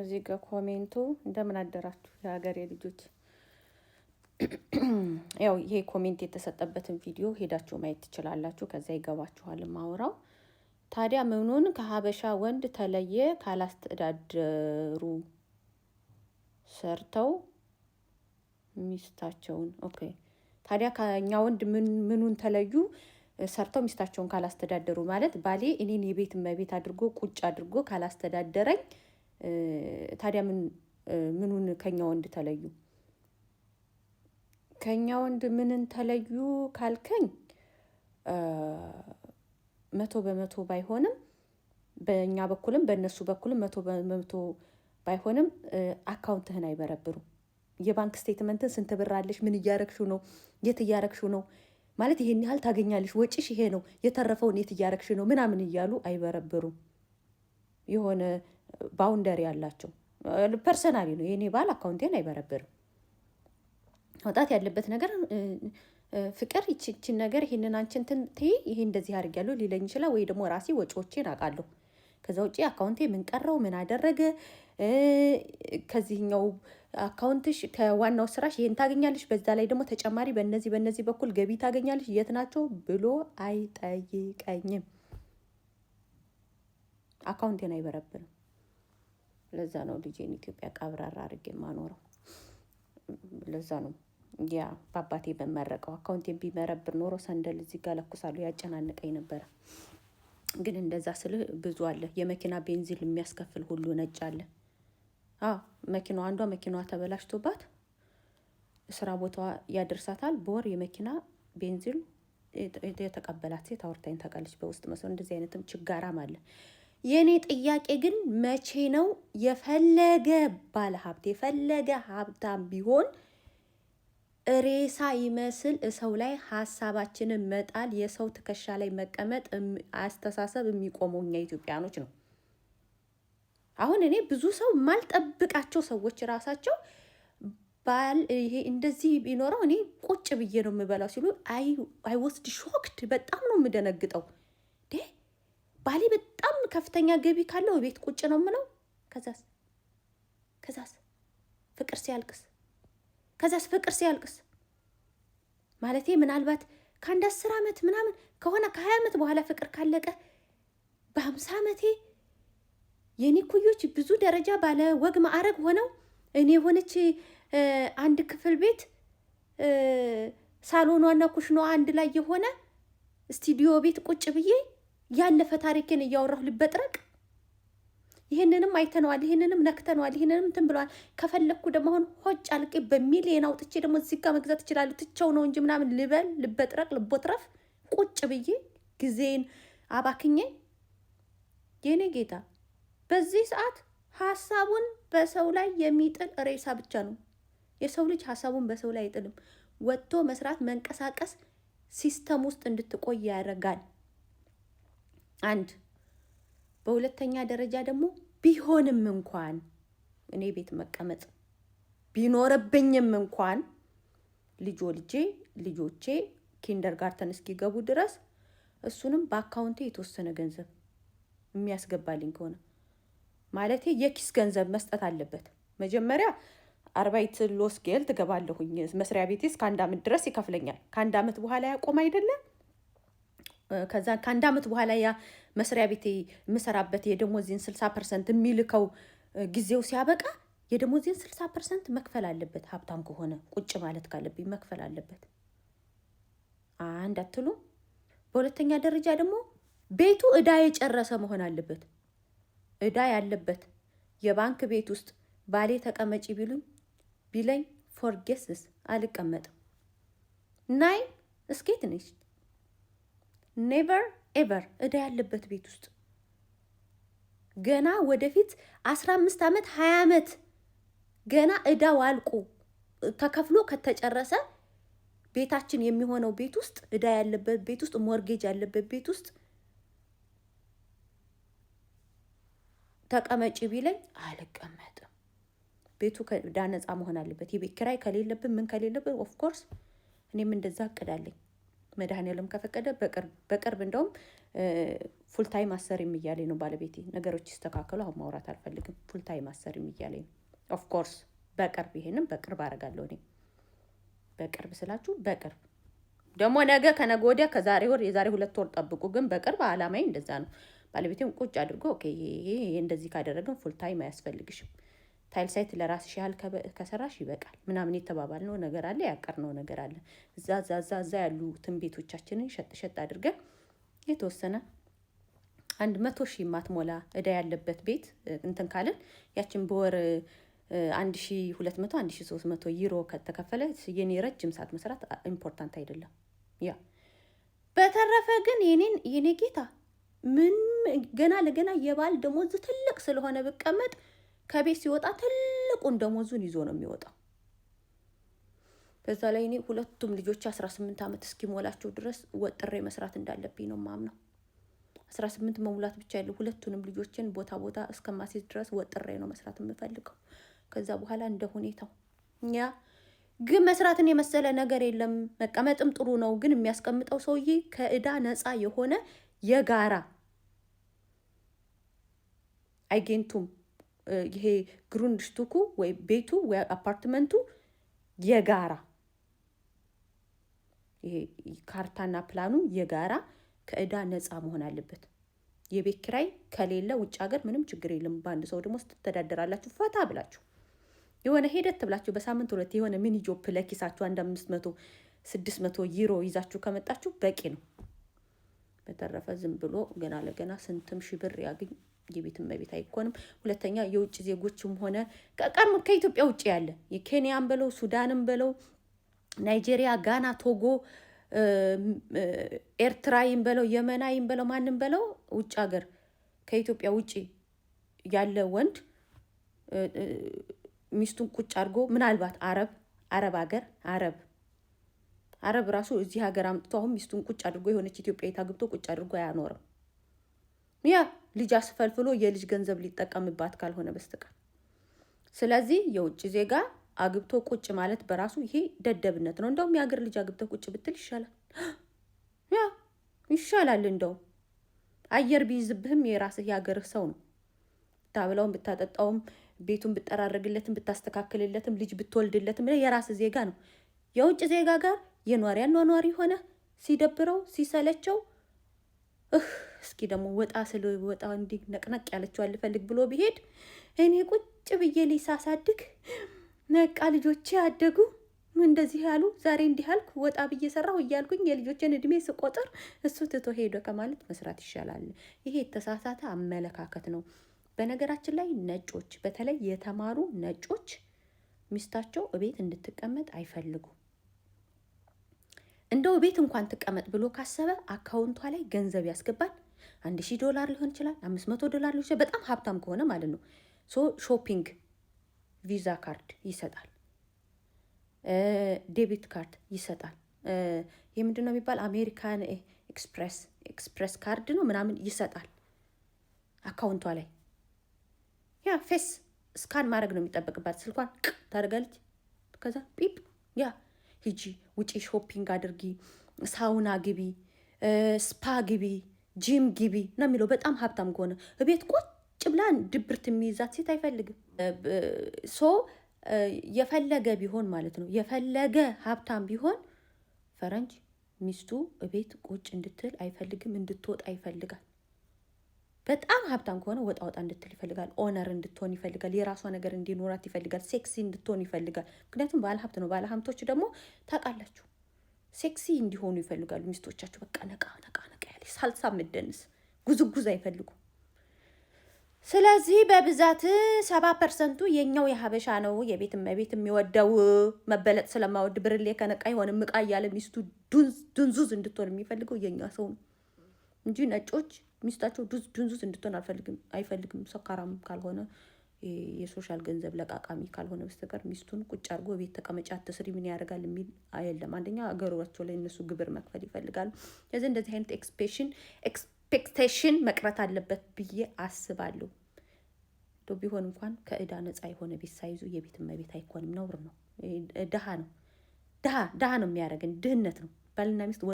እዚህ ጋር ኮሜንቱ እንደምን አደራችሁ የሀገሬ ልጆች። ያው ይሄ ኮሜንት የተሰጠበትን ቪዲዮ ሄዳችሁ ማየት ትችላላችሁ። ከዛ ይገባችኋል ማውራው። ታዲያ ምኑን ከሀበሻ ወንድ ተለየ? ካላስተዳደሩ ሰርተው ሚስታቸውን። ኦኬ ታዲያ ከኛ ወንድ ምኑን ተለዩ? ሰርተው ሚስታቸውን ካላስተዳደሩ ማለት ባሌ እኔን የቤት እመቤት አድርጎ ቁጭ አድርጎ ካላስተዳደረኝ ታዲያ ምኑን ከኛ ወንድ ተለዩ? ከኛ ወንድ ምንን ተለዩ ካልከኝ መቶ በመቶ ባይሆንም በእኛ በኩልም በእነሱ በኩልም መቶ በመቶ ባይሆንም አካውንትህን አይበረብሩም። የባንክ ስቴትመንትን ስንት ብር አለሽ፣ ምን እያረግሹ ነው፣ የት እያረግሹ ነው ማለት ይሄን ያህል ታገኛለሽ፣ ወጪሽ ይሄ ነው፣ የተረፈውን የት እያረግሽ ነው ምናምን እያሉ አይበረብሩም። የሆነ ባውንደሪ ያላቸው ፐርሰናሊ ነው። የኔ ባል አካውንቴን አይበረብርም። መውጣት ያለበት ነገር ፍቅር ይችን ነገር ይህንን አንቺን ትንት ይሄ እንደዚህ አድርጊያለሁ ሊለኝ ይችላል። ወይ ደግሞ ራሴ ወጪዎቼን አውቃለሁ። ከዛ ውጭ አካውንቴ ምን ቀረው ምን አደረገ ከዚህኛው አካውንትሽ ከዋናው ስራሽ ይሄን ታገኛለሽ፣ በዛ ላይ ደግሞ ተጨማሪ በነዚህ በነዚህ በኩል ገቢ ታገኛለሽ፣ የት ናቸው ብሎ አይጠይቀኝም። አካውንቴን አይበረብርም። ለዛ ነው ልጄን ኢትዮጵያ ቀብራራ አድርጌ የማኖረው። ለዛ ነው ያ በአባቴ በመረቀው አካውንቴን ቢመረብር ኖሮ ሰንደል እዚህ ጋር ለኩሳሉ ያጨናንቀኝ ነበረ። ግን እንደዛ ስልህ ብዙ አለ። የመኪና ቤንዚን የሚያስከፍል ሁሉ ነጭ አለ። መኪናዋ አንዷ መኪናዋ ተበላሽቶባት ስራ ቦታዋ ያደርሳታል። በወር የመኪና ቤንዚን የተቀበላት ሴት አውርታኝ ታውቃለች። በውስጥ መስሎ እንደዚህ አይነትም ችጋራም አለ። የእኔ ጥያቄ ግን መቼ ነው የፈለገ ባለሀብት የፈለገ ሀብታም ቢሆን ሬሳ ይመስል ሰው ላይ ሀሳባችንን መጣል የሰው ትከሻ ላይ መቀመጥ አስተሳሰብ የሚቆመው እኛ ኢትዮጵያኖች ነው። አሁን እኔ ብዙ ሰው የማልጠብቃቸው ሰዎች ራሳቸው ባል ይሄ እንደዚህ ቢኖረው እኔ ቁጭ ብዬ ነው የምበላው ሲሉ አይ ወስድ ሾክድ በጣም ነው የምደነግጠው። ባሌ በጣም ከፍተኛ ገቢ ካለው ቤት ቁጭ ነው ምለው። ከዛስ ከዛስ ፍቅር ሲያልቅስ ከዛስ ፍቅር ሲያልቅስ ማለቴ ምናልባት ከአንድ አስር ዓመት ምናምን ከሆነ ከሀያ ዓመት በኋላ ፍቅር ካለቀ በሀምሳ ዓመቴ የእኔ ኩዮች ብዙ ደረጃ ባለ ወግ ማዕረግ ሆነው እኔ የሆነች አንድ ክፍል ቤት ሳሎኗና ኩሽኗ አንድ ላይ የሆነ ስቱዲዮ ቤት ቁጭ ብዬ ያለፈ ታሪኬን እያወራሁ ልበጥረቅ? ይህንንም አይተነዋል፣ ይህንንም ነክተነዋል፣ ይህንንም እንትን ብለዋል። ከፈለግኩ ደግሞ አሁን ሆጭ አልቄ በሚሊየን አውጥቼ ደግሞ እዚህ ጋ መግዛት እችላለሁ። ትቸው ነው እንጂ ምናምን ልበል፣ ልበጥረቅ፣ ልቦትረፍ ቁጭ ብዬ ጊዜን አባክኜ የኔ ጌታ በዚህ ሰዓት ሀሳቡን በሰው ላይ የሚጥል ሬሳ ብቻ ነው። የሰው ልጅ ሀሳቡን በሰው ላይ አይጥልም። ወጥቶ መስራት፣ መንቀሳቀስ ሲስተም ውስጥ እንድትቆይ ያደርጋል። አንድ በሁለተኛ ደረጃ ደግሞ ቢሆንም እንኳን እኔ ቤት መቀመጥ ቢኖርብኝም እንኳን ልጆ ልጄ ልጆቼ ጋርተን እስኪገቡ ድረስ እሱንም በአካውንቴ የተወሰነ ገንዘብ የሚያስገባልኝ ከሆነ ማለቴ የኪስ ገንዘብ መስጠት አለበት። መጀመሪያ አርባይት ሎስ ጌል ትገባለሁኝ መስሪያ ቤቴ እስከ አንድ አመት ድረስ ይከፍለኛል። ከአንድ አመት በኋላ ያቆም አይደለም ከዛ ከአንድ ዓመት በኋላ ያ መስሪያ ቤት የምሰራበት የደሞዜን ስልሳ ፐርሰንት የሚልከው ጊዜው ሲያበቃ የደሞዜን ስልሳ ፐርሰንት መክፈል አለበት። ሀብታም ከሆነ ቁጭ ማለት ካለብኝ መክፈል አለበት። አንድ አትሉ። በሁለተኛ ደረጃ ደግሞ ቤቱ እዳ የጨረሰ መሆን አለበት። እዳ ያለበት የባንክ ቤት ውስጥ ባሌ ተቀመጪ ቢሉኝ ቢለኝ ፎርጌስስ አልቀመጥም። ናይ እስኬት ነች ኔቨር ኤቨር እዳ ያለበት ቤት ውስጥ ገና ወደፊት አስራ አምስት ዓመት ሀያ ዓመት ገና እዳው አልቆ ተከፍሎ ከተጨረሰ ቤታችን የሚሆነው ቤት ውስጥ እዳ ያለበት ቤት ውስጥ ሞርጌጅ ያለበት ቤት ውስጥ ተቀመጭ ቢለኝ አልቀመጥም። ቤቱ ከእዳ ነፃ መሆን አለበት። የቤት ኪራይ ከሌለብን ምን ከሌለብን ኦፍኮርስ እኔም እንደዛ እቅዳለኝ። ያለም ከፈቀደ በቅርብ እንደውም ፉልታይም አሰሪም እያለኝ ነው ባለቤቴ። ነገሮች ይስተካከሉ። አሁን ማውራት አልፈልግም። ፉልታይም አሰሪም እያለኝ ነው። ኦፍኮርስ በቅርብ ይሄንም በቅርብ አደርጋለሁ እኔ በቅርብ ስላችሁ በቅርብ ደግሞ ነገ ከነገ ወዲያ ከዛሬ ወር የዛሬ ሁለት ወር ጠብቁ። ግን በቅርብ አላማዬ እንደዛ ነው። ባለቤቴም ቁጭ አድርጎ ይሄ እንደዚህ ካደረግን ፉልታይም አያስፈልግሽም ሳይት ለራስሽ ያህል ከሰራሽ ይበቃል ምናምን የተባባልነው ነገር አለ፣ ያቀርነው ነገር አለ። እዛ እዛ እዛ ያሉ ትንቤቶቻችንን ሸጥ ሸጥ አድርገን የተወሰነ አንድ መቶ ሺህ ማትሞላ እዳ ያለበት ቤት እንትን ካልን ያችን በወር አንድ ሺ ሁለት መቶ አንድ ሺ ሶስት መቶ ዩሮ ከተከፈለ የኔ ረጅም ሰዓት መስራት ኢምፖርታንት አይደለም። ያ በተረፈ ግን የኔን የኔ ጌታ ምን ገና ለገና የባል ደሞዝ ትልቅ ስለሆነ ብቀመጥ ከቤት ሲወጣ ትልቁን ደሞዙን ይዞ ነው የሚወጣው። በዛ ላይ እኔ ሁለቱም ልጆች አስራ ስምንት ዓመት እስኪሞላቸው ድረስ ወጥሬ መስራት እንዳለብኝ ነው ማምነው። አስራ ስምንት መሙላት ብቻ ያለው ሁለቱንም ልጆችን ቦታ ቦታ እስከማስይዝ ድረስ ወጥሬ ነው መስራት የምፈልገው። ከዛ በኋላ እንደ ሁኔታው እኛ ግን መስራትን የመሰለ ነገር የለም። መቀመጥም ጥሩ ነው፣ ግን የሚያስቀምጠው ሰውዬ ከእዳ ነፃ የሆነ የጋራ አይገኝቱም ይሄ ሽቱኩ ወይ ቤቱ ወይ አፓርትመንቱ የጋራ ይሄ ካርታና ፕላኑ የጋራ ከእዳ ነፃ መሆን አለበት። የቤት ኪራይ ከሌለ ውጭ ሀገር ምንም ችግር የለም። በአንድ ሰው ደግሞ ስትተዳደራላችሁ ፈታ ብላችሁ የሆነ ሄደት ብላችሁ በሳምንት ሁለት የሆነ ሚኒ ጆፕ ለኪሳችሁ አንድ አምስት መቶ ስድስት መቶ ዩሮ ይዛችሁ ከመጣችሁ በቂ ነው። በተረፈ ዝም ብሎ ገና ለገና ስንትም ሺህ ብር ያግኝ የቤትም እመቤት አይኮንም። ሁለተኛ የውጭ ዜጎችም ሆነ ቀቀም ከኢትዮጵያ ውጭ ያለ የኬንያን በለው ሱዳንም በለው ናይጄሪያ፣ ጋና፣ ቶጎ፣ ኤርትራይም በለው የመናይም በለው ማንም በለው ውጭ ሀገር ከኢትዮጵያ ውጭ ያለ ወንድ ሚስቱን ቁጭ አድርጎ ምናልባት አረብ አረብ ሀገር አረብ አረብ ራሱ እዚህ ሀገር አምጥቶ አሁን ሚስቱን ቁጭ አድርጎ የሆነች ኢትዮጵያዊት አግብቶ ቁጭ አድርጎ አያኖርም ያ ልጅ አስፈልፍሎ የልጅ ገንዘብ ሊጠቀምባት ካልሆነ በስተቀር። ስለዚህ የውጭ ዜጋ አግብቶ ቁጭ ማለት በራሱ ይሄ ደደብነት ነው። እንደውም የሀገር ልጅ አግብተ ቁጭ ብትል ይሻላል፣ ያ ይሻላል። እንደውም አየር ቢይዝብህም የራስህ የሀገርህ ሰው ነው። ብታብላውም ብታጠጣውም ቤቱን ብጠራረግለትም ብታስተካክልለትም ልጅ ብትወልድለትም የራስህ ዜጋ ነው። የውጭ ዜጋ ጋር የኗሪያ ኗኗሪ ሆነ ሲደብረው ሲሰለቸው እስኪ ደግሞ ወጣ ስለ ወጣ እንዲ ነቅነቅ ያለችው አልፈልግ ብሎ ቢሄድ እኔ ቁጭ ብዬ ልጅ ሳሳድግ ነቃ ልጆቼ አደጉ እንደዚህ ያሉ ዛሬ እንዲህ አልኩ ወጣ ብዬ ሰራሁ እያልኩኝ የልጆችን እድሜ ስቆጥር እሱ ትቶ ሄዶ ከማለት መስራት ይሻላል። ይሄ የተሳሳተ አመለካከት ነው። በነገራችን ላይ ነጮች፣ በተለይ የተማሩ ነጮች ሚስታቸው እቤት እንድትቀመጥ አይፈልጉም። እንደው ቤት እንኳን ትቀመጥ ብሎ ካሰበ አካውንቷ ላይ ገንዘብ ያስገባል። አንድ ሺህ ዶላር ሊሆን ይችላል፣ አምስት መቶ ዶላር ሊሆን ይችላል። በጣም ሀብታም ከሆነ ማለት ነው። ሶ ሾፒንግ ቪዛ ካርድ ይሰጣል፣ ዴቢት ካርድ ይሰጣል። ይህ ምንድን ነው የሚባል አሜሪካን ኤክስፕሬስ ኤክስፕሬስ ካርድ ነው ምናምን ይሰጣል አካውንቷ ላይ ያ ፌስ ስካን ማድረግ ነው የሚጠበቅባት። ስልኳን ቅ ታደርጋለች። ከዛ ፒፕ ያ ሂጂ ውጪ ሾፒንግ አድርጊ፣ ሳውና ግቢ፣ ስፓ ግቢ ጂም ግቢ ነው የሚለው። በጣም ሀብታም ከሆነ ቤት ቁጭ ብላን ድብርት የሚይዛት ሴት አይፈልግም። ሶ የፈለገ ቢሆን ማለት ነው የፈለገ ሀብታም ቢሆን ፈረንጅ ሚስቱ ቤት ቁጭ እንድትል አይፈልግም፣ እንድትወጣ ይፈልጋል። በጣም ሀብታም ከሆነ ወጣ ወጣ እንድትል ይፈልጋል። ኦነር እንድትሆን ይፈልጋል። የራሷ ነገር እንዲኖራት ይፈልጋል። ሴክሲ እንድትሆን ይፈልጋል። ምክንያቱም ባለ ሀብት ነው። ባለ ደግሞ ታውቃላችሁ ሴክሲ እንዲሆኑ ይፈልጋሉ ሚስቶቻቸው። በቃ ነቃ ነቃ ነቃ ሳልሳ ምደንስ ጉዝጉዝ አይፈልጉም። ስለዚህ በብዛት ሰባ ፐርሰንቱ የኛው የሀበሻ ነው። የቤት እመቤት የሚወደው መበለጥ ስለማወድ ብርሌ ከነቃ የሆነ ምቃ እያለ ሚስቱ ዱንዙዝ እንድትሆን የሚፈልገው የኛ ሰው ነው እንጂ ነጮች ሚስታቸው ዱንዙዝ እንድትሆን አይፈልግም። ሰካራም ካልሆነ የሶሻል ገንዘብ ለቃቃሚ ካልሆነ በስተቀር ሚስቱን ቁጭ አድርጎ ቤት ተቀመጫ አትስሪ ምን ያደርጋል የሚል አየለም። አንደኛ አገሯቸው ላይ እነሱ ግብር መክፈል ይፈልጋሉ። ስለዚህ እንደዚህ አይነት ኤክስፔሽን ኤክስፔክቴሽን መቅረት አለበት ብዬ አስባለሁ። ዶ ቢሆን እንኳን ከእዳ ነፃ የሆነ ቤት ሳይዙ የቤት እመቤት አይኮንም፣ ነውር ነው። ድሃ ነው ድሃ ድሃ ነው የሚያደርግን ድህነት ነው ባልና ሚስት